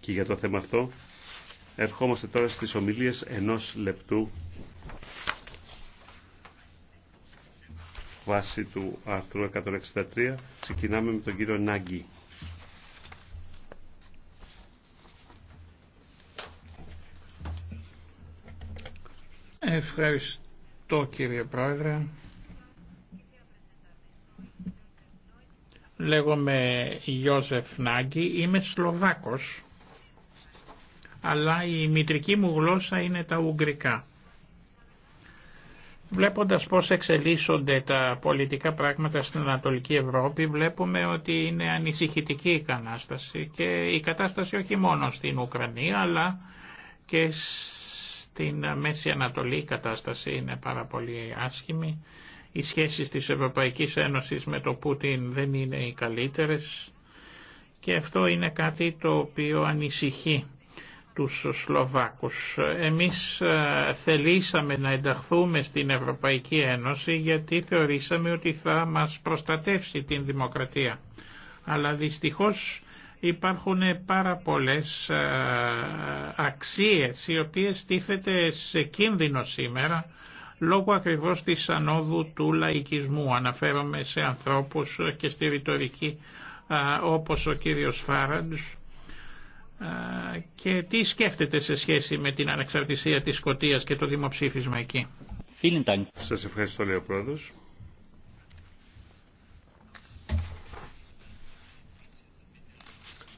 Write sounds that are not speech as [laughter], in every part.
Και για το θέμα αυτό ερχόμαστε τώρα στις ομιλίες ενός λεπτού βάση του άρθρου 163. Ξεκινάμε με τον κύριο Νάγκη. Ευχαριστώ κύριε Πρόεδρε. Λέγομαι Ιώσεφ Νάγκη, είμαι Σλοβάκος αλλά η μητρική μου γλώσσα είναι τα ουγγρικά. Βλέποντας πώς εξελίσσονται τα πολιτικά πράγματα στην Ανατολική Ευρώπη, βλέπουμε ότι είναι ανησυχητική η κατάσταση και η κατάσταση όχι μόνο στην Ουκρανία, αλλά και στην Μέση Ανατολή η κατάσταση είναι πάρα πολύ άσχημη. Οι σχέσεις της Ευρωπαϊκής Ένωσης με το Πούτιν δεν είναι οι καλύτερες και αυτό είναι κάτι το οποίο ανησυχεί τους Σλοβάκους. Εμείς ε, θελήσαμε να ενταχθούμε στην Ευρωπαϊκή Ένωση γιατί θεωρήσαμε ότι θα μας προστατεύσει την δημοκρατία. Αλλά δυστυχώς υπάρχουν πάρα πολλές ε, αξίες οι οποίες στήθεται σε κίνδυνο σήμερα λόγω ακριβώς της ανόδου του λαϊκισμού. Αναφέρομαι σε ανθρώπους και στη ρητορική ε, όπως ο κύριος Φάραντς και τι σκέφτεται σε σχέση με την ανεξαρτησία της Σκοτίας και το δημοψήφισμα εκεί. Σας ευχαριστώ λέει ο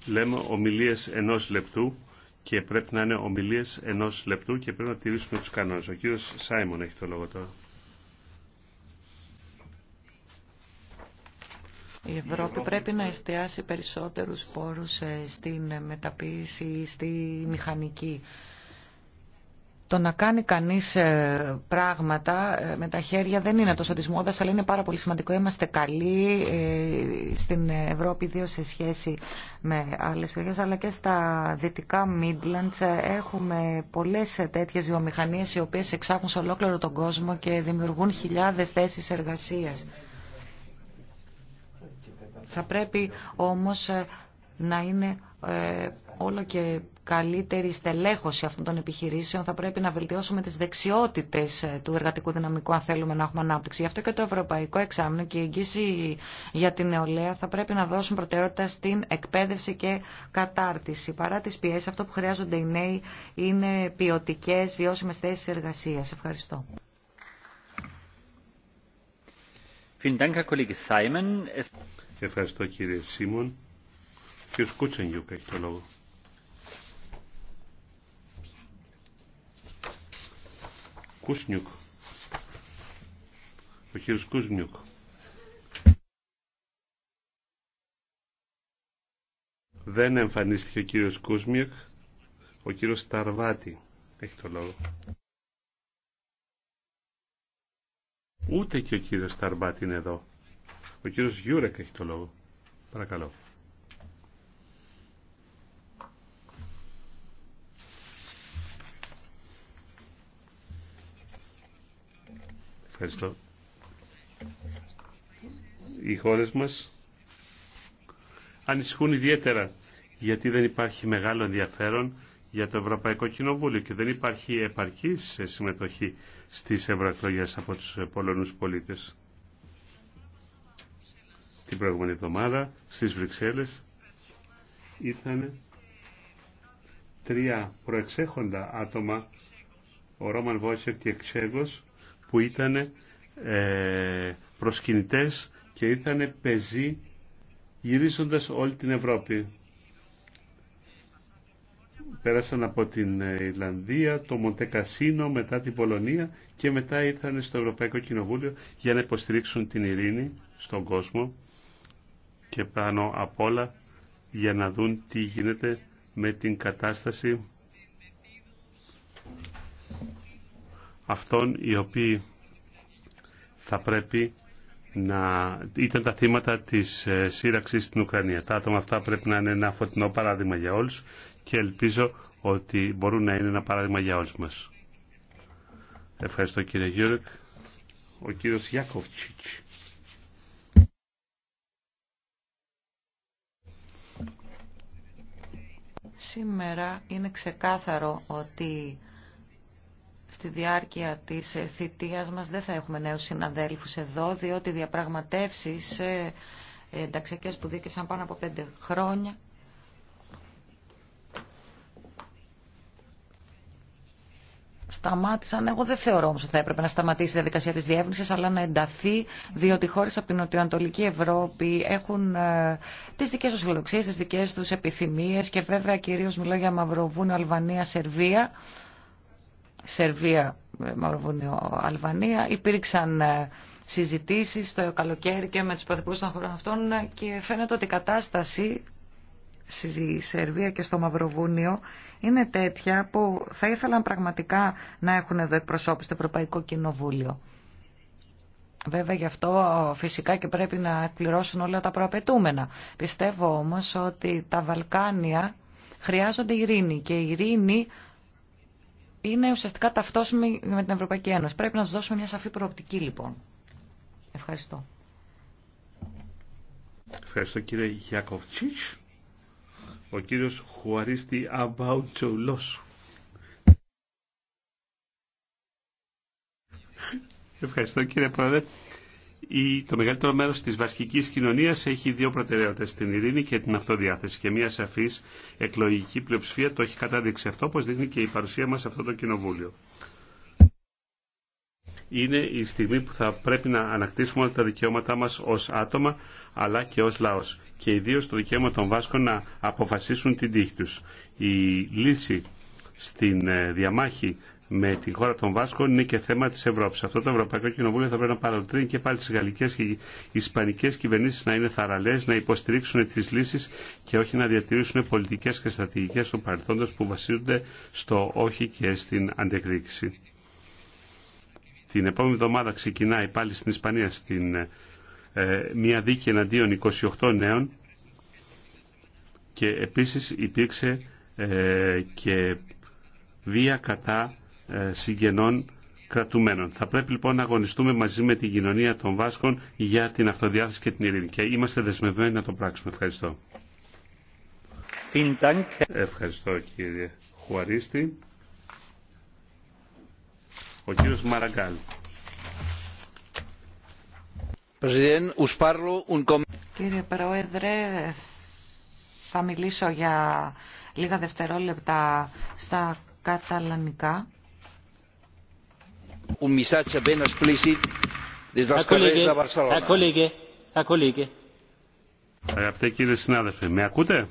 Λέμε ομιλίες ενός λεπτού και πρέπει να είναι ομιλίες ενός λεπτού και πρέπει να τηρήσουμε τους κανόνες. Ο κύριος Σάιμον έχει το λόγο τώρα. Η Ευρώπη πρέπει να εστιάσει περισσότερους πόρους ε, στην μεταποίηση ή στη μηχανική. Το να κάνει κανείς ε, πράγματα ε, με τα χέρια δεν είναι τόσο της μόδας, αλλά είναι πάρα πολύ σημαντικό. Είμαστε καλοί στην Ευρώπη, ιδίως σε σχέση με άλλες περιοχές, αλλά και στα δυτικά Midlands έχουμε πολλές τέτοιες βιομηχανίες οι οποίες εξάγουν σε ολόκληρο τον κόσμο και δημιουργούν χιλιάδες θέσεις εργασίας. Θα πρέπει όμως ε, να είναι ε, όλο και καλύτερη στελέχωση αυτών των επιχειρήσεων. Θα πρέπει να βελτιώσουμε τις δεξιότητες ε, του εργατικού δυναμικού αν θέλουμε να έχουμε ανάπτυξη. Γι' αυτό και το Ευρωπαϊκό Εξάμεινο και η εγγύηση για την νεολαία θα πρέπει να δώσουν προτεραιότητα στην εκπαίδευση και κατάρτιση. Παρά τις πιέσεις, αυτό που χρειάζονται οι νέοι είναι ποιοτικέ, βιώσιμες θέσεις εργασίας. Ευχαριστώ. Ευχαριστώ κύριε Σίμων. Κύριος Κούτσενγιουκ έχει το λόγο. Κούσνιουκ. Ο κύριος Κούσνιουκ. Δεν εμφανίστηκε ο κύριος Κούσμιουκ. Ο κύριος Σταρβάτη έχει το λόγο. Ούτε και ο κύριος Σταρβάτη είναι εδώ. Ο κύριος Γιούρεκ έχει το λόγο. Παρακαλώ. Ευχαριστώ. Οι χώρες μας ανησυχούν ιδιαίτερα γιατί δεν υπάρχει μεγάλο ενδιαφέρον για το Ευρωπαϊκό Κοινοβούλιο και δεν υπάρχει επαρκή συμμετοχή στις ευρωεκλογές από τους Πολωνούς πολίτες την προηγούμενη εβδομάδα στις Βρυξέλλες ήρθαν τρία προεξέχοντα άτομα, ο Ρόμαν Βότσεκ και Εξέγος, που ήταν ε, προσκυνητές και ήταν πεζοί γυρίζοντας όλη την Ευρώπη. Πέρασαν από την ε, Ιρλανδία, το Μοντεκασίνο, μετά την Πολωνία και μετά ήρθαν στο Ευρωπαϊκό Κοινοβούλιο για να υποστηρίξουν την ειρήνη στον κόσμο και πάνω απ' όλα για να δουν τι γίνεται με την κατάσταση αυτών οι οποίοι θα πρέπει να ήταν τα θύματα της ε, σύραξης στην Ουκρανία. Τα άτομα αυτά πρέπει να είναι ένα φωτεινό παράδειγμα για όλους και ελπίζω ότι μπορούν να είναι ένα παράδειγμα για όλους μας. Ευχαριστώ κύριε Γιούρεκ. Ο κύριος Τσίτσι. Σήμερα είναι ξεκάθαρο ότι στη διάρκεια της θητείας μας δεν θα έχουμε νέους συναδέλφους εδώ, διότι διαπραγματεύσεις ε, ε, ενταξιακές που δίκησαν πάνω από πέντε χρόνια σταμάτησαν. Εγώ δεν θεωρώ όμω ότι θα έπρεπε να σταματήσει η διαδικασία τη διεύρυνση, αλλά να ενταθεί, διότι χώρε από την Νοτιοανατολική Ευρώπη έχουν ε, τι δικέ του φιλοδοξίε, τι δικέ του επιθυμίε και βέβαια κυρίω μιλώ για Μαυροβούνιο, Αλβανία, Σερβία. Σερβία, ε, Μαυροβούνιο, Αλβανία. Υπήρξαν ε, συζητήσεις το καλοκαίρι και με τους πρωθυπουργού των χωρών αυτών και φαίνεται ότι η κατάσταση στη Σερβία και στο Μαυροβούνιο είναι τέτοια που θα ήθελαν πραγματικά να έχουν εδώ εκπροσώπηση στο Ευρωπαϊκό Κοινοβούλιο. Βέβαια γι' αυτό φυσικά και πρέπει να εκπληρώσουν όλα τα προαπαιτούμενα. Πιστεύω όμως ότι τα Βαλκάνια χρειάζονται ειρήνη και η ειρήνη είναι ουσιαστικά ταυτόσιμη με την Ευρωπαϊκή Ένωση. Πρέπει να τους δώσουμε μια σαφή προοπτική λοιπόν. Ευχαριστώ. Ευχαριστώ κύριε Γιακοβτσίτς ο κύριος Χουαρίστη Αμπαουτσολός. Ευχαριστώ κύριε Πρόεδρε. Η, το μεγαλύτερο μέρος της βασικής κοινωνίας έχει δύο προτεραιότητες, την ειρήνη και την αυτοδιάθεση. Και μια σαφής εκλογική πλειοψηφία το έχει κατάδειξει αυτό, όπως δείχνει και η παρουσία μας σε αυτό το κοινοβούλιο είναι η στιγμή που θα πρέπει να ανακτήσουμε όλα τα δικαιώματά μας ως άτομα αλλά και ως λαός και ιδίως το δικαίωμα των Βάσκων να αποφασίσουν την τύχη τους. Η λύση στην ε, διαμάχη με τη χώρα των Βάσκων είναι και θέμα της Ευρώπης. Αυτό το Ευρωπαϊκό Κοινοβούλιο θα πρέπει να παροτρύνει και πάλι τις Γαλλικές και ισπανικέ κυβερνήσει να είναι θαραλέ, να υποστηρίξουν τις λύσεις και όχι να διατηρήσουν πολιτικές και στρατηγικές του παρελθόντο που βασίζονται στο όχι και στην αντεκδίκηση. Την επόμενη εβδομάδα ξεκινάει πάλι στην Ισπανία στην, ε, ε μια δίκη εναντίον 28 νέων και επίσης υπήρξε ε, και βία κατά ε, συγγενών κρατουμένων. Θα πρέπει λοιπόν να αγωνιστούμε μαζί με την κοινωνία των Βάσκων για την αυτοδιάθεση και την ειρήνη. Και είμαστε δεσμευμένοι να το πράξουμε. Ευχαριστώ. Ευχαριστώ κύριε Χουαρίστη. Ο κύριος Μαραγκάλ. Κύριε Πρόεδρε, θα μιλήσω για λίγα δευτερόλεπτα στα καταλανικά. Un ben Αγαπητέ κύριε συνάδελφε, με ακούτε?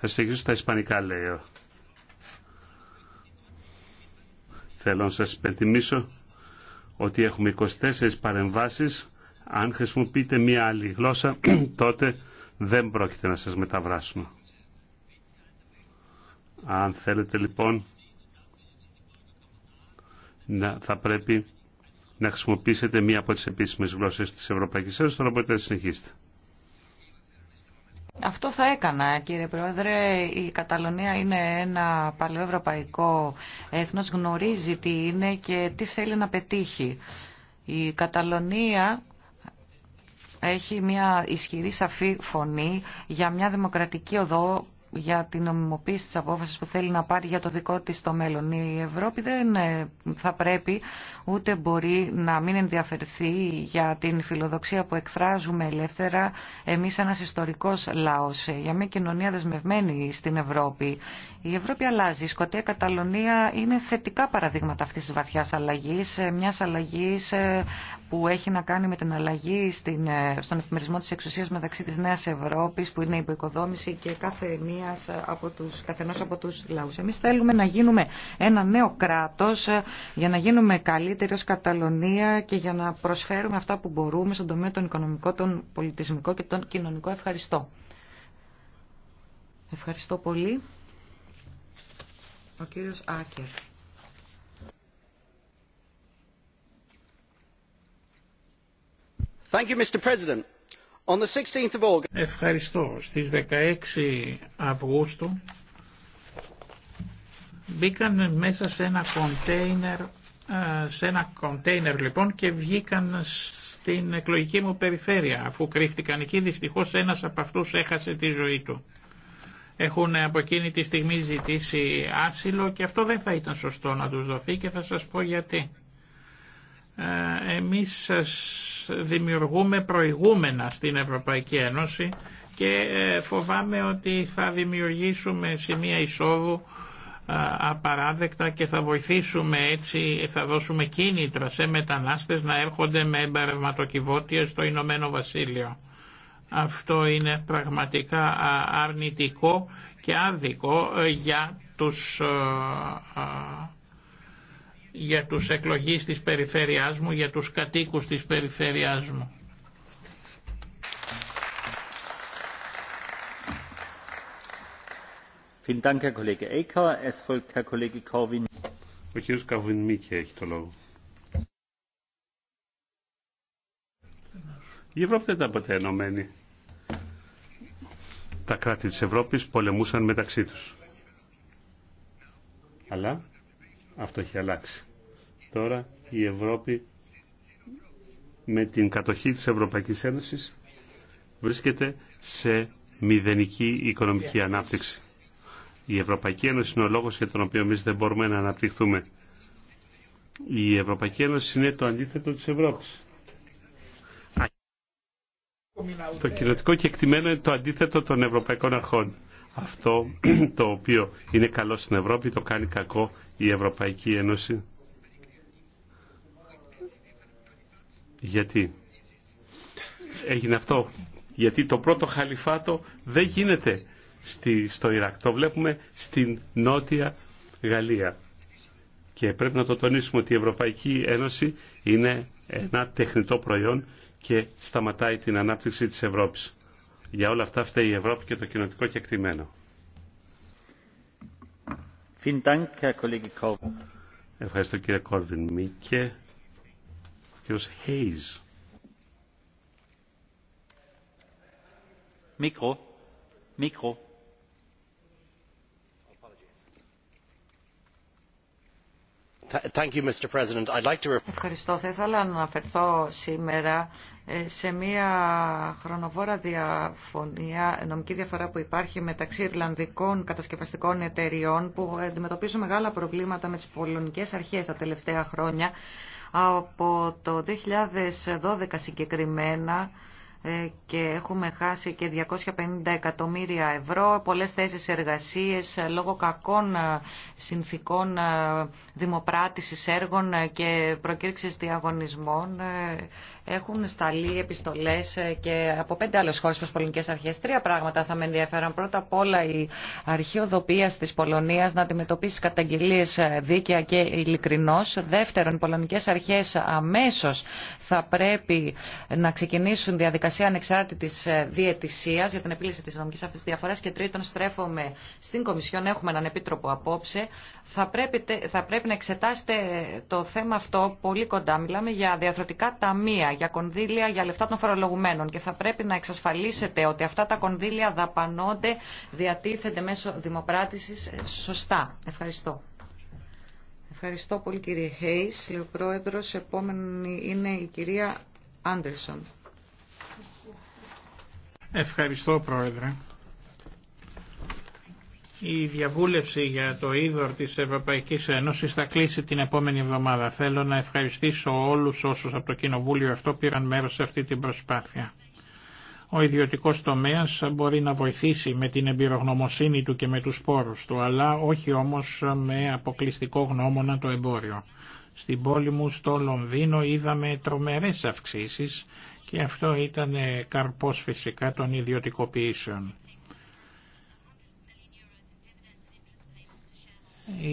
Θα συνεχίσω στα ισπανικά, λέει Θέλω να σας υπενθυμίσω ότι έχουμε 24 παρεμβάσεις. Αν χρησιμοποιείτε μία άλλη γλώσσα, [clears throat] τότε δεν πρόκειται να σας μεταβράσουμε. Αν θέλετε λοιπόν, να, θα πρέπει να χρησιμοποιήσετε μία από τις επίσημες γλώσσες της Ευρωπαϊκής Ένωσης, τώρα μπορείτε να συνεχίσετε. Αυτό θα έκανα, κύριε Πρόεδρε. Η Καταλωνία είναι ένα παλαιοευρωπαϊκό έθνος, γνωρίζει τι είναι και τι θέλει να πετύχει. Η Καταλωνία έχει μια ισχυρή σαφή φωνή για μια δημοκρατική οδό για την νομιμοποίηση της απόφασης που θέλει να πάρει για το δικό της το μέλλον. Η Ευρώπη δεν ε, θα πρέπει ούτε μπορεί να μην ενδιαφερθεί για την φιλοδοξία που εκφράζουμε ελεύθερα εμείς ένας ιστορικός λαός ε, για μια κοινωνία δεσμευμένη στην Ευρώπη. Η Ευρώπη αλλάζει. Η Σκοτία Καταλωνία είναι θετικά παραδείγματα αυτής της βαθιάς αλλαγής, ε, μιας αλλαγής που έχει να κάνει με την αλλαγή στην, στον αισθημερισμό της εξουσίας μεταξύ της Νέας Ευρώπης που είναι η υποοικοδόμηση και κάθε μιας ε, από τους, καθενός από τους λαούς. Εμείς θέλουμε να γίνουμε ένα νέο κράτος ε, για να γίνουμε καλύτεροι ως Καταλωνία και για να προσφέρουμε αυτά που μπορούμε στον τομέα των οικονομικών, των πολιτισμικών και των κοινωνικών. Ευχαριστώ. Ευχαριστώ πολύ. Ο κύριος Άκερ. Thank you, Mr. President. Ευχαριστώ. Στις 16 Αυγούστου μπήκαν μέσα ε, σε ένα κοντέινερ, λοιπόν και βγήκαν στην εκλογική μου περιφέρεια αφού κρύφτηκαν εκεί δυστυχώς ένας από αυτούς έχασε τη ζωή του. Έχουν από εκείνη τη στιγμή ζητήσει άσυλο και αυτό δεν θα ήταν σωστό να τους δοθεί και θα σας πω γιατί. Ε, εμείς σας δημιουργούμε προηγούμενα στην Ευρωπαϊκή Ένωση και ε, φοβάμαι ότι θα δημιουργήσουμε σημεία εισόδου ε, απαράδεκτα και θα βοηθήσουμε έτσι, θα δώσουμε κίνητρα σε μετανάστες να έρχονται με εμπαρευματοκιβώτια στο Ηνωμένο Βασίλειο. Αυτό είναι πραγματικά αρνητικό και άδικο ε, για τους για τους εκλογείς της περιφέρειάς μου, για τους κατοίκους της περιφέρειάς μου. Ο κύριος έχει το λόγο. Η Ευρώπη δεν ήταν ποτέ ενωμένη. Τα κράτη της Ευρώπης πολεμούσαν μεταξύ τους. Αλλά αυτό έχει αλλάξει. Τώρα η Ευρώπη με την κατοχή της Ευρωπαϊκής Ένωσης βρίσκεται σε μηδενική οικονομική ανάπτυξη. Η Ευρωπαϊκή Ένωση είναι ο λόγος για τον οποίο εμεί δεν μπορούμε να αναπτυχθούμε. Η Ευρωπαϊκή Ένωση είναι το αντίθετο της Ευρώπης. Το κοινοτικό κεκτημένο είναι το αντίθετο των ευρωπαϊκών αρχών. Αυτό [clears throat] το οποίο είναι καλό στην Ευρώπη το κάνει κακό η Ευρωπαϊκή Ένωση. Γιατί έγινε αυτό. Γιατί το πρώτο χαλιφάτο δεν γίνεται στη, στο Ιράκ. Το βλέπουμε στην Νότια Γαλλία. Και πρέπει να το τονίσουμε ότι η Ευρωπαϊκή Ένωση είναι ένα τεχνητό προϊόν και σταματάει την ανάπτυξη της Ευρώπης. Για όλα αυτά φταίει η Ευρώπη και το κοινοτικό κεκτημένο. Ευχαριστώ κύριε Κόρδιν Μίκε κύριος Μικρό. Μικρό. Ευχαριστώ. Θα ήθελα να αναφερθώ σήμερα ε, σε μια χρονοβόρα διαφωνία, νομική διαφορά που υπάρχει μεταξύ Ιρλανδικών κατασκευαστικών εταιριών που αντιμετωπίζουν μεγάλα προβλήματα με τις πολωνικές αρχές τα τελευταία χρόνια από το 2012 συγκεκριμένα ε, και έχουμε χάσει και 250 εκατομμύρια ευρώ, πολλές θέσεις εργασίες ε, λόγω κακών ε, συνθήκων δημοπράτησης έργων και προκήρυξης διαγωνισμών. Έχουν σταλεί επιστολές και από πέντε άλλες χώρες προς πολιτικές αρχές. Τρία πράγματα θα με ενδιαφέραν. Πρώτα απ' όλα η αρχαιοδοπία της Πολωνίας να αντιμετωπίσει καταγγελίες δίκαια και ειλικρινώς. Δεύτερον, οι πολωνικές αρχές αμέσως θα πρέπει να ξεκινήσουν διαδικασίες διαδικασία ανεξάρτητη ε, διαιτησία για την επίλυση τη νομική αυτή διαφορά. Και τρίτον, στρέφομαι στην Κομισιόν. Έχουμε έναν επίτροπο απόψε. Θα πρέπει, θα πρέπει να εξετάσετε το θέμα αυτό πολύ κοντά. Μιλάμε για διαθροτικά ταμεία, για κονδύλια, για λεφτά των φορολογουμένων. Και θα πρέπει να εξασφαλίσετε ότι αυτά τα κονδύλια δαπανώνται, διατίθενται μέσω δημοπράτηση ε, σωστά. Ευχαριστώ. Ευχαριστώ πολύ κύριε Χέις. Λέω πρόεδρος, επόμενη είναι η κυρία Άντερσον. Ευχαριστώ Πρόεδρε. Η διαβούλευση για το είδωρ της Ευρωπαϊκής Ένωσης θα κλείσει την επόμενη εβδομάδα. Θέλω να ευχαριστήσω όλους όσους από το Κοινοβούλιο αυτό πήραν μέρος σε αυτή την προσπάθεια. Ο ιδιωτικός τομέας μπορεί να βοηθήσει με την εμπειρογνωμοσύνη του και με τους πόρους του, αλλά όχι όμως με αποκλειστικό γνώμονα το εμπόριο. Στην πόλη μου στο Λονδίνο είδαμε τρομερές αυξήσεις και αυτό ήταν ε, καρπός φυσικά των ιδιωτικοποιήσεων.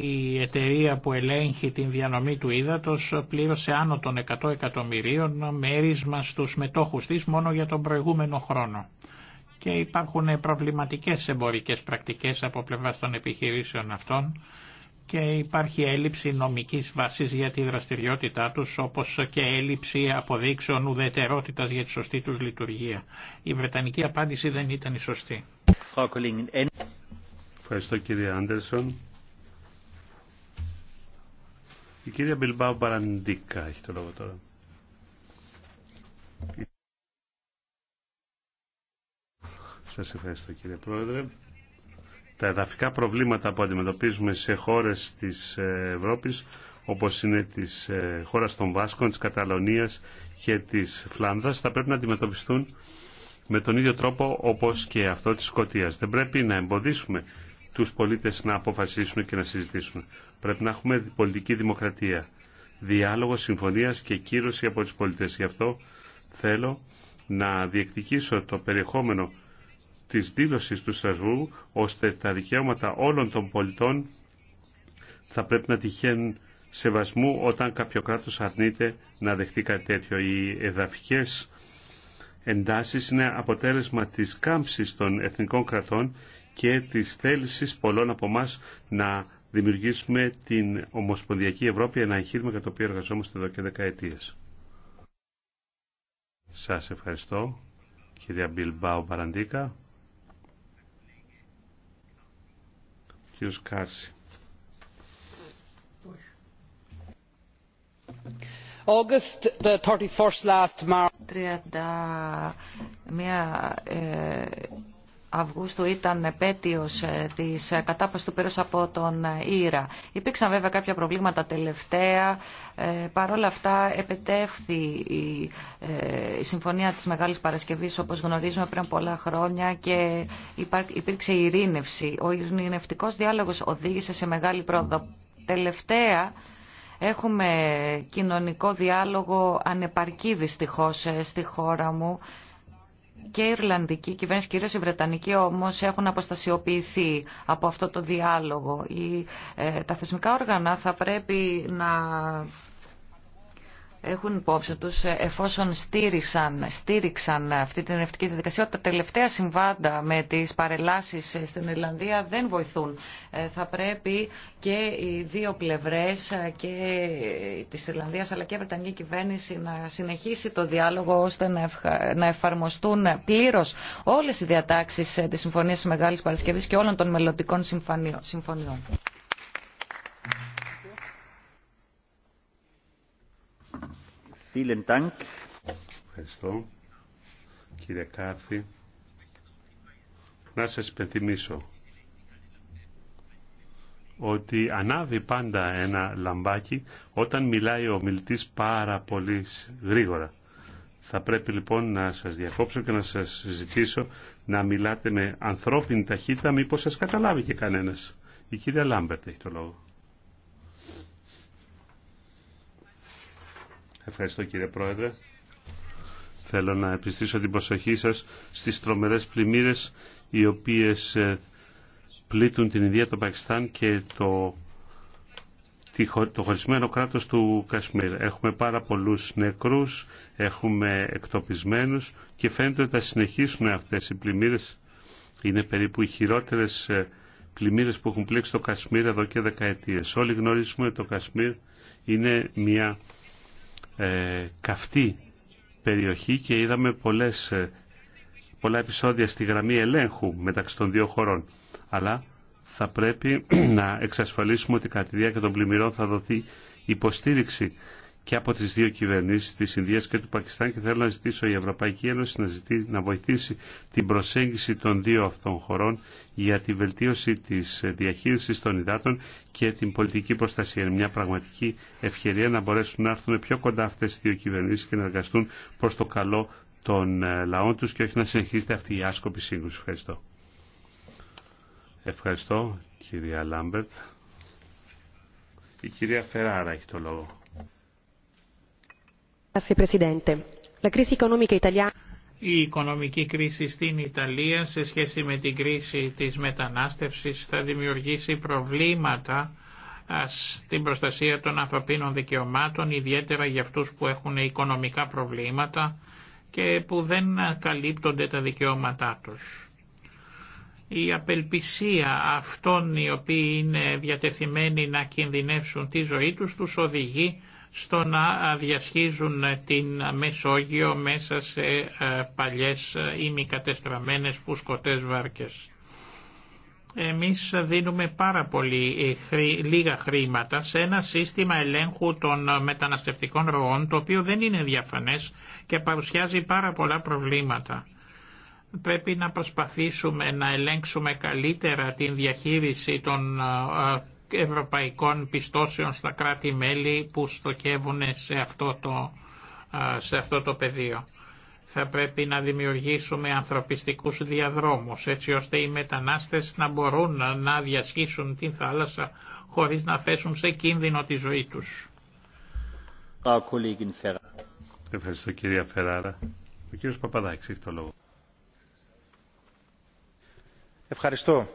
Η εταιρεία που ελέγχει την διανομή του ύδατος πλήρωσε άνω των 100 εκατομμυρίων μέρισμα στους μετόχους της μόνο για τον προηγούμενο χρόνο. Και υπάρχουν προβληματικές εμπορικές πρακτικές από πλευράς των επιχειρήσεων αυτών και υπάρχει έλλειψη νομικής βάσης για τη δραστηριότητά τους όπως και έλλειψη αποδείξεων ουδετερότητας για τη σωστή τους λειτουργία. Η Βρετανική απάντηση δεν ήταν η σωστή. Ευχαριστώ κύριε Άντερσον. Η κυρία Μπιλμπάου Μπαραντίκα έχει το λόγο τώρα. Σας ευχαριστώ κύριε Πρόεδρε τα εδαφικά προβλήματα που αντιμετωπίζουμε σε χώρες της Ευρώπης όπως είναι της ε, χώρας των Βάσκων, της Καταλωνίας και της Φλάνδρας θα πρέπει να αντιμετωπιστούν με τον ίδιο τρόπο όπως και αυτό της Σκοτίας. Δεν πρέπει να εμποδίσουμε τους πολίτες να αποφασίσουν και να συζητήσουν. Πρέπει να έχουμε πολιτική δημοκρατία, διάλογο, συμφωνίας και κύρωση από τους πολίτες. Γι' αυτό θέλω να διεκδικήσω το περιεχόμενο της δήλωσης του Στρασβούργου, ώστε τα δικαιώματα όλων των πολιτών θα πρέπει να τυχαίνουν σεβασμού όταν κάποιο κράτος αρνείται να δεχτεί κάτι τέτοιο. Οι εδαφικές εντάσεις είναι αποτέλεσμα της κάμψης των εθνικών κρατών και της θέλησης πολλών από εμά να δημιουργήσουμε την Ομοσπονδιακή Ευρώπη, ένα εγχείρημα για το οποίο εργαζόμαστε εδώ και δεκαετίες. Σας ευχαριστώ, κυρία Μπιλμπάου Παραντίκα. Κύριος Κάρση. August the 31st last March. 31 Αυγούστου ήταν επέτειος ε, της ε, κατάπασης του πύρους από τον ε, Ήρα. Υπήρξαν βέβαια κάποια προβλήματα τελευταία. Ε, Παρ' όλα αυτά επετεύχθη η, η, Συμφωνία της Μεγάλης Παρασκευής όπως γνωρίζουμε πριν πολλά χρόνια και υπήρξε ειρήνευση. Ο ειρηνευτικό διάλογος οδήγησε σε μεγάλη πρόοδο. Τελευταία έχουμε κοινωνικό διάλογο ανεπαρκή δυστυχώ στη χώρα μου και η Ιρλανδική κυβέρνηση, κυρίως η Βρετανική όμως, έχουν αποστασιοποιηθεί από αυτό το διάλογο. Ε, τα θεσμικά όργανα θα πρέπει να έχουν υπόψη του, ε, εφόσον στήριξαν, στήριξαν αυτή την ενευτική διαδικασία ότι τα τελευταία συμβάντα με τις παρελάσει ε, στην Ιρλανδία δεν βοηθούν. Ε, θα πρέπει και οι δύο πλευρές και της Ιρλανδίας αλλά και η Βρετανική κυβέρνηση να συνεχίσει το διάλογο ώστε να εφαρμοστούν πλήρως όλες οι διατάξεις της Συμφωνίας της μεγάλη παρασκευή και όλων των μελλοντικών συμφωνιών. Ευχαριστώ. Κύριε Κάρθη, να σας υπενθυμίσω ότι ανάβει πάντα ένα λαμπάκι όταν μιλάει ο μιλητής πάρα πολύ γρήγορα. Θα πρέπει λοιπόν να σας διακόψω και να σας ζητήσω να μιλάτε με ανθρώπινη ταχύτητα, μήπως σας καταλάβει και κανένας. Η κυρία Λάμπερτ έχει το λόγο. Ευχαριστώ κύριε Πρόεδρε. Θέλω να επιστήσω την προσοχή σας στις τρομερές πλημμύρες οι οποίες ε, πλήττουν την Ινδία, το Πακιστάν και το, το χωρισμένο κράτος του Κασμίρ. Έχουμε πάρα πολλούς νεκρούς, έχουμε εκτοπισμένους και φαίνεται ότι θα συνεχίσουν αυτές οι πλημμύρες. Είναι περίπου οι χειρότερες ε, πλημμύρες που έχουν πλήξει το Κασμίρ εδώ και δεκαετίες. Όλοι γνωρίζουμε ότι το Κασμίρ είναι μια ε, καυτή περιοχή και είδαμε πολλές, ε, πολλά επεισόδια στη γραμμή ελέγχου μεταξύ των δύο χωρών. Αλλά θα πρέπει [clears throat] να εξασφαλίσουμε ότι κατά τη διάρκεια των πλημμυρών θα δοθεί υποστήριξη και από τις δύο κυβερνήσεις της Ινδίας και του Πακιστάν και θέλω να ζητήσω η Ευρωπαϊκή Ένωση να, ζητήσει, να βοηθήσει την προσέγγιση των δύο αυτών χωρών για τη βελτίωση της διαχείρισης των υδάτων και την πολιτική προστασία. Είναι μια πραγματική ευκαιρία να μπορέσουν να έρθουν πιο κοντά αυτές οι δύο κυβερνήσεις και να εργαστούν προς το καλό των ε, λαών τους και όχι να συνεχίζεται αυτή η άσκοπη σύγκρουση. Ευχαριστώ. Ευχαριστώ κυρία Λάμπερτ. Η κυρία Φεράρα έχει το λόγο. Η οικονομική κρίση στην Ιταλία σε σχέση με την κρίση της μετανάστευσης θα δημιουργήσει προβλήματα στην προστασία των ανθρωπίνων δικαιωμάτων, ιδιαίτερα για αυτούς που έχουν οικονομικά προβλήματα και που δεν καλύπτονται τα δικαιώματά τους. Η απελπισία αυτών οι οποίοι είναι διατεθειμένοι να κινδυνεύσουν τη ζωή τους τους οδηγεί στο να διασχίζουν την Μεσόγειο μέσα σε ε, παλιές ή ε, μη φουσκωτές βάρκες. Εμείς δίνουμε πάρα πολύ ε, λίγα χρήματα σε ένα σύστημα ελέγχου των μεταναστευτικών ροών το οποίο δεν είναι διαφανές και παρουσιάζει πάρα πολλά προβλήματα. Πρέπει να προσπαθήσουμε να ελέγξουμε καλύτερα την διαχείριση των ευρωπαϊκών πιστώσεων στα κράτη-μέλη που στοχεύουν σε αυτό, το, σε αυτό το πεδίο. Θα πρέπει να δημιουργήσουμε ανθρωπιστικούς διαδρόμους έτσι ώστε οι μετανάστες να μπορούν να διασχίσουν την θάλασσα χωρίς να θέσουν σε κίνδυνο τη ζωή τους. Ευχαριστώ κυρία Φεράρα. Ο κύριος Παπαδάκης έχει το λόγο. Ευχαριστώ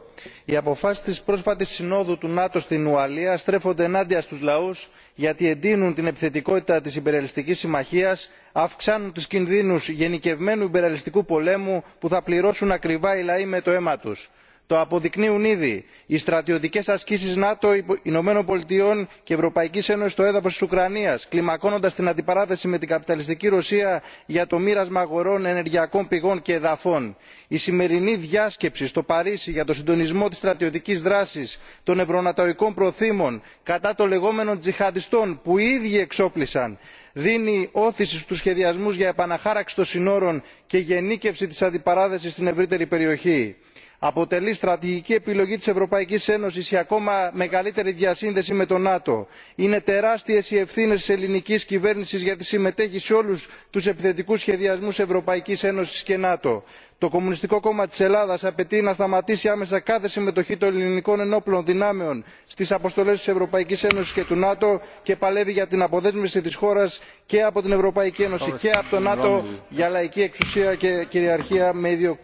οι αποφάσεις της πρόσφατης συνόδου του νατο στην ουαλία στρέφονται ενάντια στους λαούς γιατί εντείνουν την επιθετικότητα της υπεριαλιστικής συμμαχίας αυξάνουν τους κινδύνους γενικευμένου υπεριαλιστικού πολέμου που θα πληρώσουν ακριβά οι λαοί με το αίμα τους το αποδεικνύουν ήδη οι στρατιωτικές ασκήσεις νατο ηνωμένων πολιτειών και ευρωπαϊκής ένωσης στο έδαφος της ουκρανίας κλιμακώνοντας την αντιπαράθεση με την καπιταλιστική ρωσία για το μοίρασμα αγορών ενεργειακών πηγών και εδαφών. η σημερινή διάσκεψη στο παρίσι για το συντονισμό της στρατιωτικής δράσης των ευρωνατοικών προθύμων κατά των λεγόμενων τζιχαντιστών που οι ίδιοι εξόπλισαν δίνει όθηση στους σχεδιασμούς για επαναχάραξη των συνόρων και γενίκευση της αντιπαράθεσης στην ευρύτερη περιοχή αποτελεί στρατηγική επιλογή της ευρωπαϊκής ένωσης η ακόμα μεγαλύτερη διασύνδεση με το νατο. είναι τεράστιες οι ευθύνες της ελληνικής κυβέρνησης γιατί συμμετέχει σε όλους τους επιθετικούς σχεδιασμούς ευρωπαϊκής ένωσης και νατο. το κομμουνιστικό κόμμα της ελλάδας απαιτεί να σταματήσει άμεσα κάθε συμμετοχή των ελληνικών ενόπλων δυνάμεων στις αποστολές της ευρωπαϊκής ένωσης και του νατο και παλεύει για την αποδέσμευση της χώρας και από την ευρωπαϊκή ένωση και από το νατο για λαϊκή εξουσία και κυριαρχία με ίδιο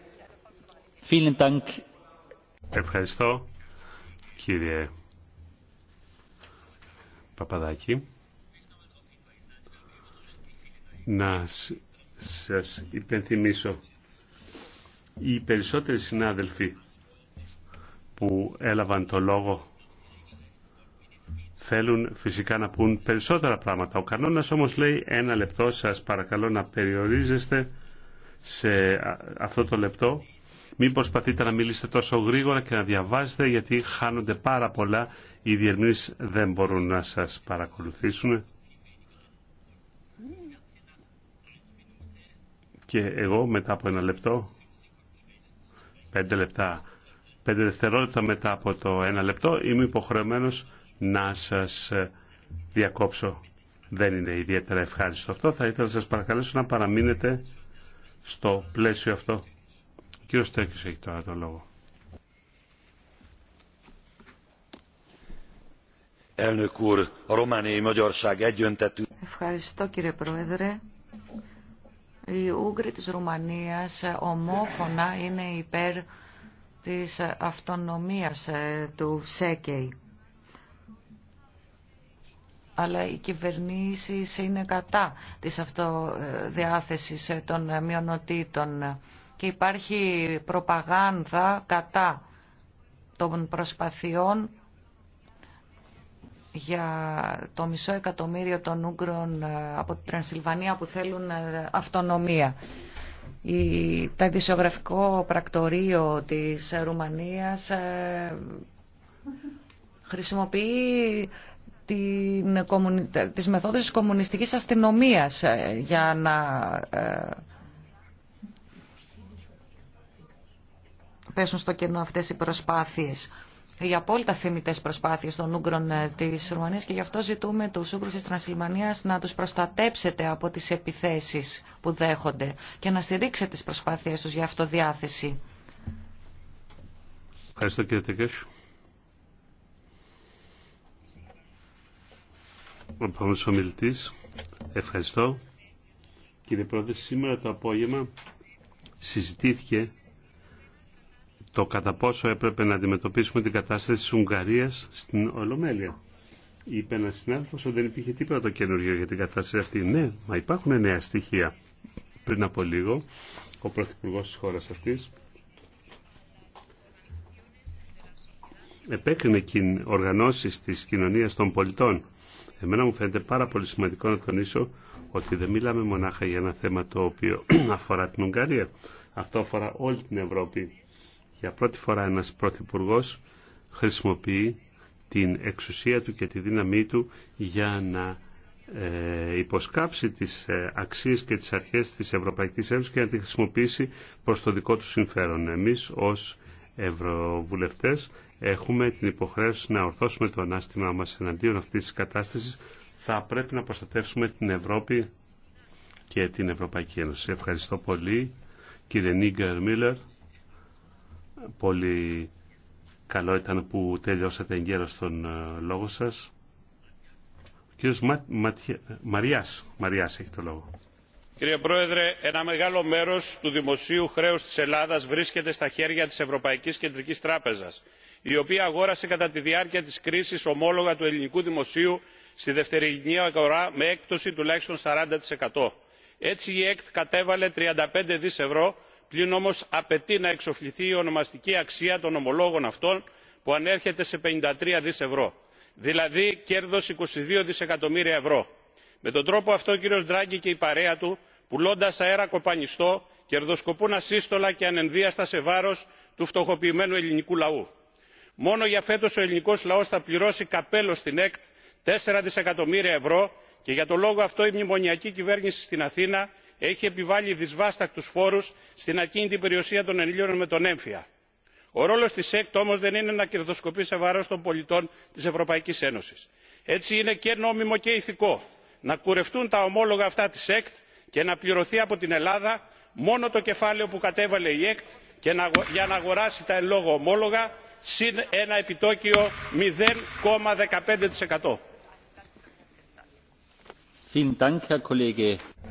Ευχαριστώ κύριε Παπαδάκη. Να σας υπενθυμίσω οι περισσότεροι συνάδελφοι που έλαβαν το λόγο θέλουν φυσικά να πούν περισσότερα πράγματα. Ο κανόνας όμως λέει ένα λεπτό σας παρακαλώ να περιορίζεστε σε αυτό το λεπτό μην προσπαθείτε να μιλήσετε τόσο γρήγορα και να διαβάζετε γιατί χάνονται πάρα πολλά. Οι διερμηνείς δεν μπορούν να σας παρακολουθήσουν. Και εγώ μετά από ένα λεπτό, πέντε λεπτά, πέντε δευτερόλεπτα μετά από το ένα λεπτό είμαι υποχρεωμένος να σας ε, διακόψω. Δεν είναι ιδιαίτερα ευχάριστο αυτό. Θα ήθελα να σας παρακαλέσω να παραμείνετε στο πλαίσιο αυτό κύριος Στέκης έχει τώρα το λόγο. Ευχαριστώ κύριε Πρόεδρε. Οι Ούγγροι της Ρουμανίας ομόφωνα είναι υπέρ της αυτονομίας ε, του ΣΕΚΕΙ. Αλλά οι κυβερνήσεις είναι κατά της αυτοδιάθεσης ε, των μειονοτήτων και υπάρχει προπαγάνδα κατά των προσπαθειών για το μισό εκατομμύριο των Ούγκρων ε, από την Τρανσιλβανία που θέλουν ε, αυτονομία. Η, τα ειδησιογραφικό πρακτορείο της Ρουμανίας ε, χρησιμοποιεί την, τις μεθόδους της κομμουνιστικής αστυνομίας για να πέσουν στο κενό αυτές οι προσπάθειες οι απόλυτα θεμητέ προσπάθειε των Ούγγρων ε, τη Ρουμανία και γι' αυτό ζητούμε του Ούγγρου τη Τρανσυλμανία να του προστατέψετε από τι επιθέσει που δέχονται και να στηρίξετε τι προσπάθειέ του για αυτοδιάθεση. Ευχαριστώ κύριε Τεκέσου. Ο επόμενο ομιλητής, ευχαριστώ. Κύριε Πρόεδρε, σήμερα το απόγευμα συζητήθηκε το κατά πόσο έπρεπε να αντιμετωπίσουμε την κατάσταση της Ουγγαρίας στην Ολομέλεια. Είπε ένα συνάδελφος ότι δεν υπήρχε τίποτα το καινούργιο για την κατάσταση αυτή. Ναι, μα υπάρχουν νέα στοιχεία. Πριν από λίγο, ο Πρωθυπουργός της χώρας αυτής επέκρινε οργανώσεις της κοινωνίας των πολιτών. Εμένα μου φαίνεται πάρα πολύ σημαντικό να τονίσω ότι δεν μιλάμε μονάχα για ένα θέμα το οποίο [clears throat] αφορά την Ουγγαρία. Αυτό αφορά όλη την Ευρώπη. Για πρώτη φορά ένας Πρωθυπουργό χρησιμοποιεί την εξουσία του και τη δύναμή του για να ε, υποσκάψει τις ε, αξίες και τις αρχές της Ευρωπαϊκής Ένωσης και να τη χρησιμοποιήσει προς το δικό του συμφέρον. Εμείς ως Ευρωβουλευτές έχουμε την υποχρέωση να ορθώσουμε το ανάστημά μας εναντίον αυτής της κατάστασης. Θα πρέπει να προστατεύσουμε την Ευρώπη και την Ευρωπαϊκή Ένωση. Ευχαριστώ πολύ κύριε Νίγκερ Μίλλερ. Πολύ καλό ήταν που τελειώσατε εγκαίρω τον ε, λόγο σας. Ο κύριος Μα... Μαριάς. Μαριάς έχει το λόγο. Κύριε Πρόεδρε, ένα μεγάλο μέρος του δημοσίου χρέους της Ελλάδας βρίσκεται στα χέρια της Ευρωπαϊκής Κεντρικής Τράπεζας, η οποία αγόρασε κατά τη διάρκεια της κρίσης ομόλογα του ελληνικού δημοσίου στη δευτερηγενή αγορά με έκπτωση τουλάχιστον 40%. Έτσι η ΕΚΤ κατέβαλε 35 δις ευρώ πλην όμως απαιτεί να εξοφληθεί η ονομαστική αξία των ομολόγων αυτών που ανέρχεται σε 53 δις ευρώ δηλαδή κέρδος 22 δισεκατομμύρια ευρώ. με τον τρόπο αυτό ο κύριος ντράγκη και η παρέα του πουλώντας αέρα κοπανιστό κερδοσκοπούν ασύστολα και ανενδίαστα σε βάρος του φτωχοποιημένου ελληνικού λαού. μόνο για φέτος ο ελληνικός λαός θα πληρώσει καπέλο στην ΕΚΤ 4 δισεκατομμύρια ευρώ και για τον λόγο αυτό η μνημονιακή κυβέρνηση στην αθήνα έχει επιβάλει δυσβάστακτους φόρους στην ακίνητη περιουσία των ελλήνων με τον έμφυα. ο ρόλος της ΕΚΤ όμως δεν είναι να κερδοσκοπεί σε βάρος των πολιτών της ευρωπαϊκής ένωσης. έτσι είναι και νόμιμο και ηθικό να κουρευτούν τα ομόλογα αυτά της ΕΚΤ και να πληρωθεί από την ελλάδα μόνο το κεφάλαιο που κατέβαλε η ΕΚΤ για να αγοράσει τα εν λόγω ομόλογα συν ένα επιτόκιο 0,15%.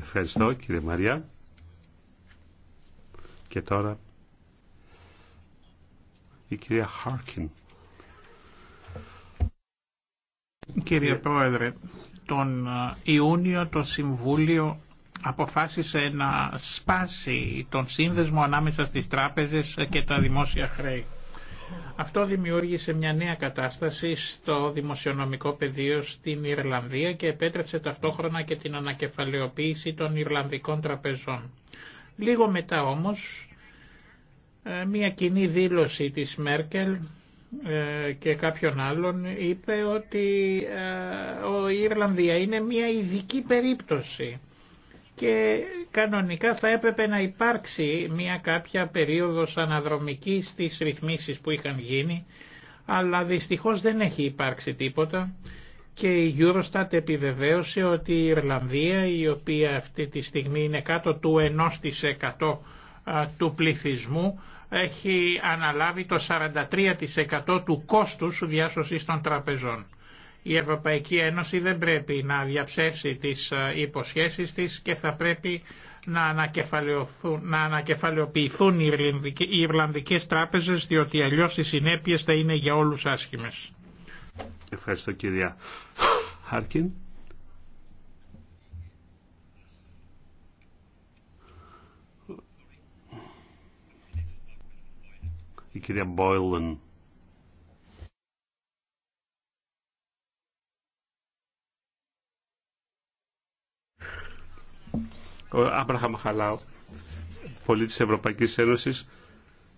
Ευχαριστώ κύριε Μαριά. Και τώρα η κυρία Χάρκιν. Κύριε Πρόεδρε, τον ε, Ιούνιο το Συμβούλιο αποφάσισε να σπάσει τον σύνδεσμο ανάμεσα στις τράπεζες και τα δημόσια χρέη. Αυτό δημιούργησε μια νέα κατάσταση στο δημοσιονομικό πεδίο στην Ιρλανδία και επέτρεψε ταυτόχρονα και την ανακεφαλαιοποίηση των Ιρλανδικών τραπεζών. Λίγο μετά όμως, ε, μια κοινή δήλωση της Μέρκελ ε, και κάποιων άλλων είπε ότι η ε, Ιρλανδία είναι μια ειδική περίπτωση και κανονικά θα έπρεπε να υπάρξει μια κάποια περίοδος αναδρομικής στις ρυθμίσεις που είχαν γίνει, αλλά δυστυχώς δεν έχει υπάρξει τίποτα και η Eurostat επιβεβαίωσε ότι η Ιρλανδία, η οποία αυτή τη στιγμή είναι κάτω του 1% του πληθυσμού, έχει αναλάβει το 43% του κόστους διάσωσης των τραπεζών. Η Ευρωπαϊκή Ένωση δεν πρέπει να διαψεύσει τις ε, υποσχέσεις της και θα πρέπει να, να ανακεφαλαιοποιηθούν οι, οι Ιρλανδικές τράπεζες διότι αλλιώς οι συνέπειες θα είναι για όλους άσχημες. Ευχαριστώ κυρία Χάρκιν. Η κυρία Μπόιλεν. ο Άμπραχα Μαχαλάου, πολίτη Ευρωπαϊκής Ένωσης,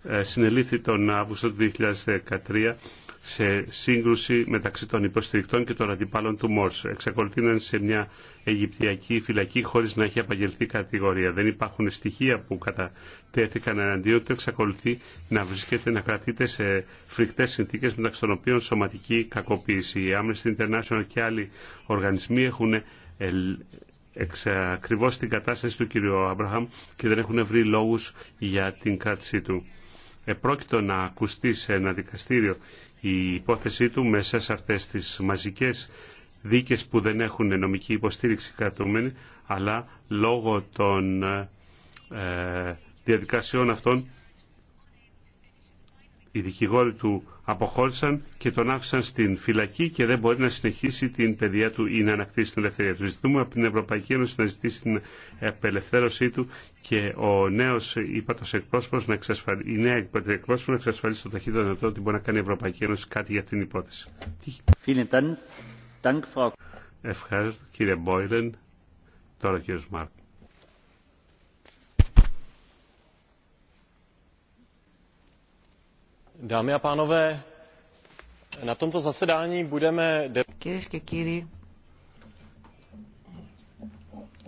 ε, συνελήφθη τον Αύγουστο του 2013 σε σύγκρουση μεταξύ των υποστηρικτών και των αντιπάλων του Μόρς. Εξακολουθεί να είναι σε μια Αιγυπτιακή φυλακή χωρίς να έχει απαγγελθεί κατηγορία. Δεν υπάρχουν στοιχεία που κατατέθηκαν εναντίον του. Εξακολουθεί να βρίσκεται να κρατείται σε φρικτές συνθήκες μεταξύ των οποίων σωματική κακοποίηση. Οι Amnesty International και άλλοι οργανισμοί έχουν εξ, ακριβώς την κατάσταση του κυρίου Άμπραχαμ και δεν έχουν βρει λόγους για την κάτσή του. Επρόκειτο να ακουστεί σε ένα δικαστήριο η υπόθεσή του μέσα σε αυτές τις μαζικές δίκες που δεν έχουν νομική υποστήριξη κρατούμενη, αλλά λόγω των ε, διαδικασιών αυτών οι δικηγόροι του αποχώρησαν και τον άφησαν στην φυλακή και δεν μπορεί να συνεχίσει την παιδεία του ή να ανακτήσει την ελευθερία του. Ζητούμε από την Ευρωπαϊκή Ένωση να ζητήσει την απελευθέρωσή του και ο νέος ύπατο εκπρόσωπο να εξασφαλίσει, η νέα εκπρόσωπο να εξασφαλίσει το ταχύτερο δυνατό ότι μπορεί να κάνει η Ευρωπαϊκή Ένωση κάτι για την υπόθεση. Ευχαριστώ κύριε Μπόιλεν. Τώρα ο Μάρκ. Dámy Κυρίες και κύριοι,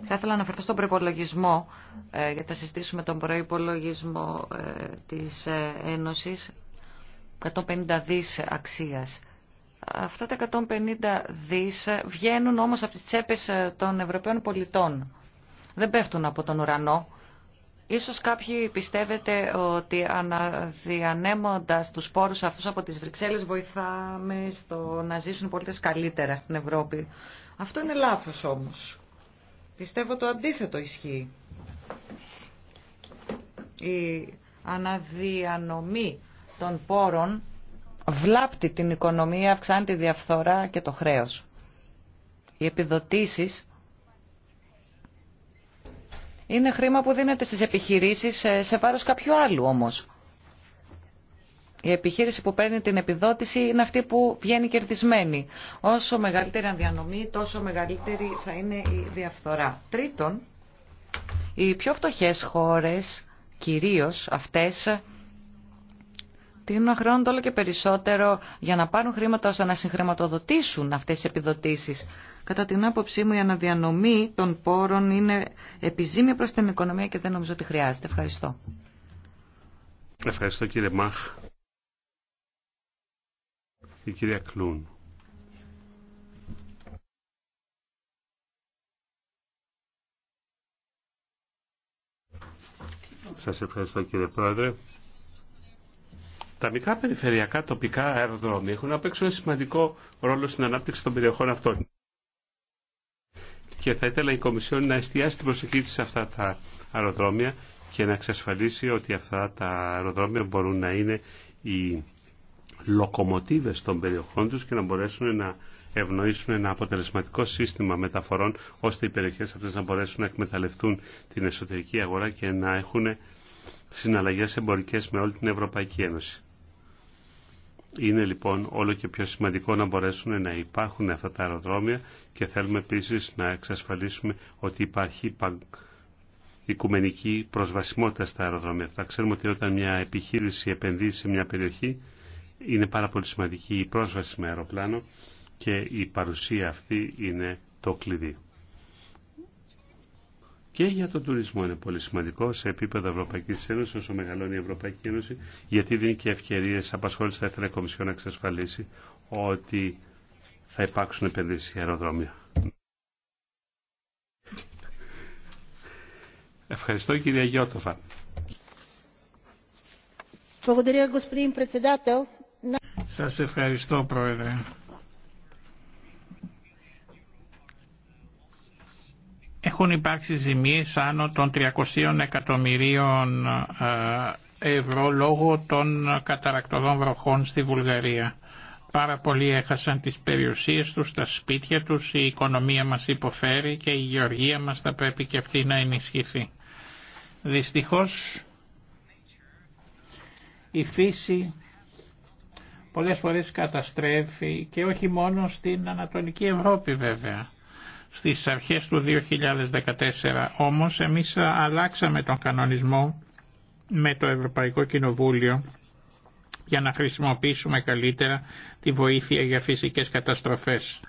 θα ήθελα να αναφερθώ στον προπολογισμό, ε, για να συζητήσουμε τον προπολογισμό ε, της ε, Ένωσης, 150 δι αξία. Αυτά τα 150 δι βγαίνουν όμως από τις τσέπε των Ευρωπαίων πολιτών. Δεν πέφτουν από τον ουρανό. Ίσως κάποιοι πιστεύετε ότι αναδιανέμοντας τους πόρους αυτούς από τις Βρυξέλλες βοηθάμε στο να ζήσουν οι πολίτες καλύτερα στην Ευρώπη. Αυτό είναι λάθος όμως. Πιστεύω το αντίθετο ισχύει. Η αναδιανομή των πόρων βλάπτει την οικονομία, αυξάνει τη διαφθορά και το χρέος. Οι επιδοτήσεις είναι χρήμα που δίνεται στις επιχειρήσεις σε βάρος κάποιου άλλου όμως. Η επιχείρηση που παίρνει την επιδότηση είναι αυτή που βγαίνει κερδισμένη. Όσο μεγαλύτερη ανδιανομή, τόσο μεγαλύτερη θα είναι η διαφθορά. Τρίτον, οι πιο φτωχές χώρες, κυρίως αυτές, να χρεώνονται όλο και περισσότερο για να πάρουν χρήματα ώστε να συγχρηματοδοτήσουν αυτές τις επιδοτήσεις. Κατά την άποψή μου η αναδιανομή των πόρων είναι επιζήμια προς την οικονομία και δεν νομίζω ότι χρειάζεται. Ευχαριστώ. Ευχαριστώ κύριε Μαχ. Η κυρία Κλούν. Σας ευχαριστώ κύριε Πρόεδρε. Τα μικρά περιφερειακά τοπικά αεροδρόμια έχουν να παίξουν σημαντικό ρόλο στην ανάπτυξη των περιοχών αυτών. Και θα ήθελα η Κομισιόν να εστιάσει την προσοχή της σε αυτά τα αεροδρόμια και να εξασφαλίσει ότι αυτά τα αεροδρόμια μπορούν να είναι οι λοκομοτίβες των περιοχών τους και να μπορέσουν να ευνοήσουν ένα αποτελεσματικό σύστημα μεταφορών ώστε οι περιοχές αυτές να μπορέσουν να εκμεταλλευτούν την εσωτερική αγορά και να έχουν συναλλαγές εμπορικές με όλη την Ευρωπαϊκή Ένωση. Είναι λοιπόν όλο και πιο σημαντικό να μπορέσουν να υπάρχουν αυτά τα αεροδρόμια και θέλουμε επίσης να εξασφαλίσουμε ότι υπάρχει οικουμενική προσβασιμότητα στα αεροδρόμια αυτά. Ξέρουμε ότι όταν μια επιχείρηση επενδύει σε μια περιοχή είναι πάρα πολύ σημαντική η πρόσβαση με αεροπλάνο και η παρουσία αυτή είναι το κλειδί και για τον τουρισμό είναι πολύ σημαντικό σε επίπεδο Ευρωπαϊκή Ένωση, όσο μεγαλώνει η Ευρωπαϊκή Ένωση, γιατί δίνει και ευκαιρίε απασχόληση. Θα ήθελε η Κομισιόν να εξασφαλίσει ότι θα υπάρξουν επενδύσει σε αεροδρόμια. Ευχαριστώ κυρία Γιώτοφα. Σα ευχαριστώ πρόεδρε. Έχουν υπάρξει ζημίες άνω των 300 εκατομμυρίων ε, ευρώ λόγω των καταρακτοδών βροχών στη Βουλγαρία. Πάρα πολλοί έχασαν τις περιουσίες τους, τα σπίτια τους, η οικονομία μας υποφέρει και η γεωργία μας θα πρέπει και αυτή να ενισχυθεί. Δυστυχώς η φύση πολλές φορές καταστρέφει και όχι μόνο στην Ανατολική Ευρώπη βέβαια. Στις αρχές του 2014 όμως εμείς αλλάξαμε τον κανονισμό με το Ευρωπαϊκό Κοινοβούλιο για να χρησιμοποιήσουμε καλύτερα τη βοήθεια για φυσικές καταστροφές.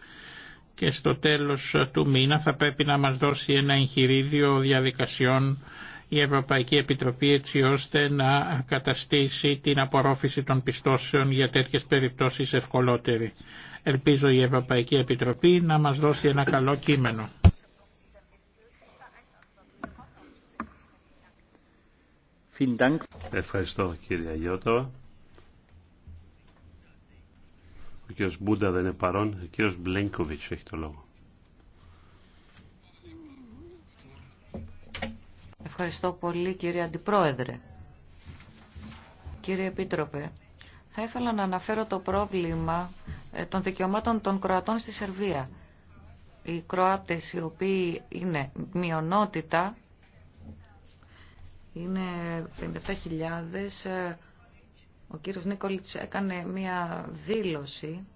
Και στο τέλος του μήνα θα πρέπει να μας δώσει ένα εγχειρίδιο διαδικασιών η Ευρωπαϊκή Επιτροπή έτσι ώστε να καταστήσει την απορρόφηση των πιστώσεων για τέτοιες περιπτώσεις ευκολότερη. Ελπίζω η Ευρωπαϊκή Επιτροπή να μας δώσει ένα καλό κείμενο. Ευχαριστώ κύριε Αγιώτο. Ο κύριος Μπούντα δεν είναι παρόν. Ο κύριος Μπλένκοβιτς έχει το λόγο. Ευχαριστώ πολύ κύριε Αντιπρόεδρε. Κύριε Επίτροπε, θα ήθελα να αναφέρω το πρόβλημα ε, των δικαιωμάτων των Κροατών στη Σερβία. Οι Κροάτες οι οποίοι είναι μειονότητα είναι 57.000. Ε, ο κύριος Νίκολιτς έκανε μία δήλωση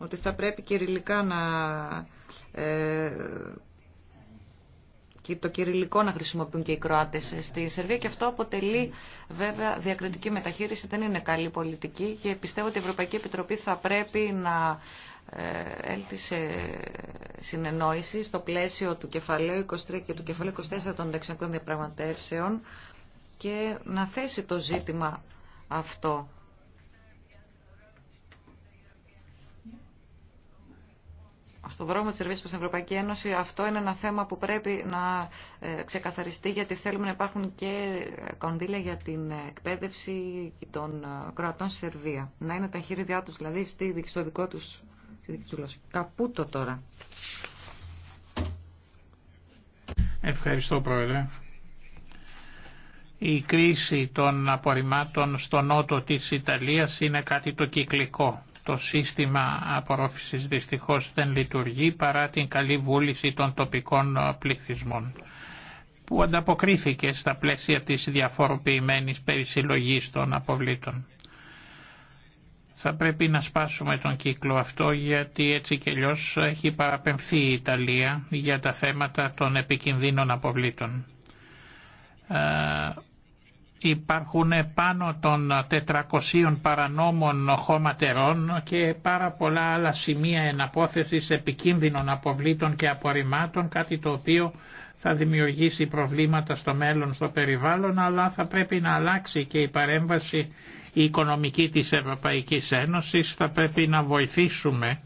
ότι θα πρέπει κυριλικά να... Ε, και το κυριλικό να χρησιμοποιούν και οι Κροάτες στη Σερβία και αυτό αποτελεί βέβαια διακριτική μεταχείριση, δεν είναι καλή πολιτική και πιστεύω ότι η Ευρωπαϊκή Επιτροπή θα πρέπει να ε, έλθει σε συνεννόηση στο πλαίσιο του κεφαλαίου 23 και του κεφαλαίου 24 των δεξιακών διαπραγματεύσεων και να θέσει το ζήτημα αυτό στον δρόμο της Σερβίας προς την Ευρωπαϊκή Ένωση αυτό είναι ένα θέμα που πρέπει να ε, ξεκαθαριστεί γιατί θέλουμε να υπάρχουν και κονδύλια για την εκπαίδευση των ε, κρατών στη Σερβία. Να είναι τα χείριδιά τους δηλαδή στη, στο δικό τους, στη Καπούτο τώρα. Ευχαριστώ Πρόεδρε. Η κρίση των απορριμμάτων στο νότο της Ιταλίας είναι κάτι το κυκλικό το σύστημα απορρόφησης δυστυχώς δεν λειτουργεί παρά την καλή βούληση των τοπικών ε, πληθυσμών που ανταποκρίθηκε στα πλαίσια της διαφοροποιημένης περισυλλογής των αποβλήτων. Θα πρέπει να σπάσουμε τον κύκλο αυτό γιατί έτσι και αλλιώ έχει παραπεμφθεί η Ιταλία για τα θέματα των επικινδύνων αποβλήτων. Ε, υπάρχουν πάνω των 400 παρανόμων χωματερών και πάρα πολλά άλλα σημεία εναπόθεσης επικίνδυνων αποβλήτων και απορριμμάτων, κάτι το οποίο θα δημιουργήσει προβλήματα στο μέλλον στο περιβάλλον, αλλά θα πρέπει να αλλάξει και η παρέμβαση η οικονομική της Ευρωπαϊκής Ένωσης, θα πρέπει να βοηθήσουμε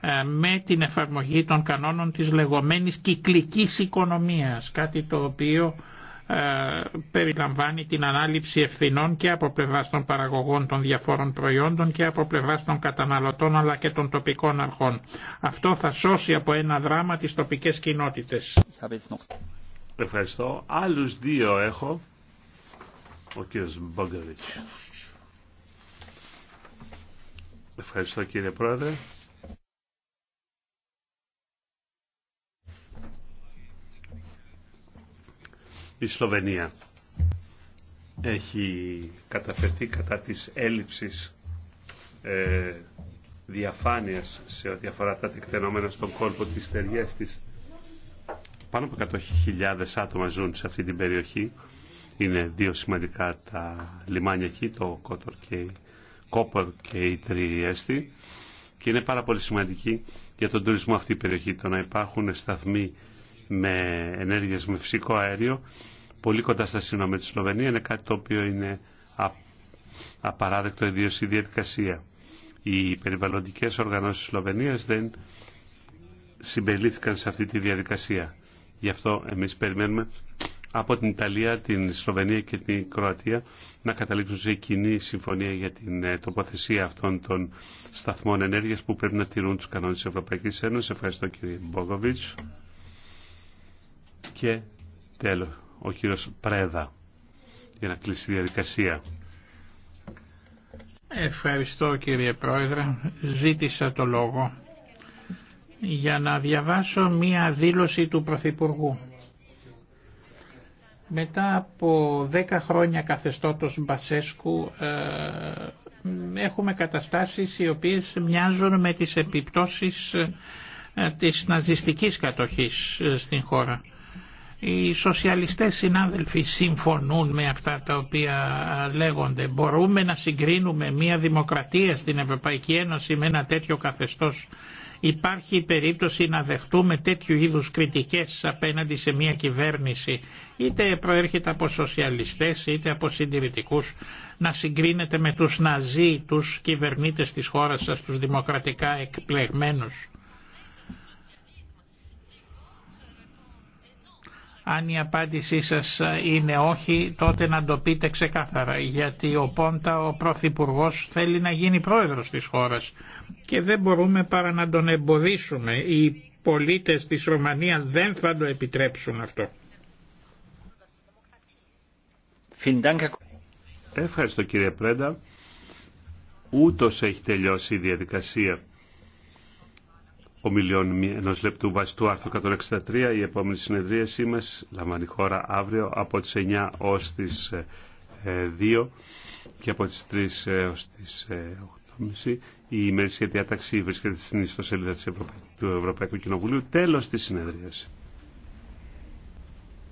ε, με την εφαρμογή των κανόνων της λεγόμενης κυκλικής οικονομίας, κάτι το οποίο ε, περιλαμβάνει την ανάληψη ευθυνών και από πλευράς των παραγωγών των διαφόρων προϊόντων και από πλευράς των καταναλωτών αλλά και των τοπικών αρχών. Αυτό θα σώσει από ένα δράμα τις τοπικές κοινότητες. Ευχαριστώ. Άλλους δύο έχω. Ο κ. Ευχαριστώ κύριε Πρόεδρε. Η Σλοβενία έχει καταφερθεί κατά της έλλειψης ε, διαφάνειας σε ό,τι αφορά τα τεκτενόμενα στον κόλπο της στεριές της. Πάνω από 100.000 άτομα ζουν σε αυτή την περιοχή. Είναι δύο σημαντικά τα λιμάνια εκεί, το Κότορ και Κόπορ και η Τριέστη. Και είναι πάρα πολύ σημαντική για τον τουρισμό αυτή η περιοχή. Το να υπάρχουν σταθμοί με ενέργειες με φυσικό αέριο πολύ κοντά στα σύνορα με τη Σλοβενία είναι κάτι το οποίο είναι απαράδεκτο ιδίως η διαδικασία. Οι περιβαλλοντικές οργανώσεις της Σλοβενίας δεν συμπελήθηκαν σε αυτή τη διαδικασία. Γι' αυτό εμείς περιμένουμε από την Ιταλία, την Σλοβενία και την Κροατία να καταλήξουν σε κοινή συμφωνία για την ε, τοποθεσία αυτών των σταθμών ενέργειας που πρέπει να τηρούν τους κανόνες της Ευρωπαϊκής Ένωσης. Ευχαριστώ κύριε Μπόγκοβιτς. Και τέλος, ο κύριος Πρέδα για να κλείσει τη διαδικασία. Ευχαριστώ κύριε Πρόεδρε. Ζήτησα το λόγο για να διαβάσω μία δήλωση του Πρωθυπουργού. Μετά από δέκα χρόνια καθεστώτος Μπασέσκου ε, έχουμε καταστάσεις οι οποίες μοιάζουν με τις επιπτώσεις ε, της ναζιστικής κατοχής ε, στην χώρα. Οι σοσιαλιστές συνάδελφοι συμφωνούν με αυτά τα οποία λέγονται. Μπορούμε να συγκρίνουμε μια δημοκρατία στην Ευρωπαϊκή Ένωση με ένα τέτοιο καθεστώς. Υπάρχει η περίπτωση να δεχτούμε τέτοιου είδους κριτικές απέναντι σε μια κυβέρνηση, είτε προέρχεται από σοσιαλιστές είτε από συντηρητικούς, να συγκρίνεται με τους ναζί, τους κυβερνήτες της χώρας σας, τους δημοκρατικά εκπλεγμένους. Αν η απάντησή σας είναι όχι, τότε να το πείτε ξεκάθαρα, γιατί ο Πόντα, ο Πρωθυπουργό θέλει να γίνει πρόεδρος της χώρας και δεν μπορούμε παρά να τον εμποδίσουμε. Οι πολίτες της Ρωμανίας δεν θα το επιτρέψουν αυτό. Ευχαριστώ κύριε Πρέντα. Ούτως έχει τελειώσει η διαδικασία ομιλιών ενός λεπτού βαστού του άρθρου 163. Η επόμενη συνεδρίασή μας λαμβάνει χώρα αύριο από τις 9 ως τις 2 ε, και από τις 3 έως ε, τις 8.30. Ε, Η ημερήσια διάταξη βρίσκεται στην ιστοσελίδα του Ευρωπαϊκού Κοινοβουλίου. Τέλος της συνεδρίασης.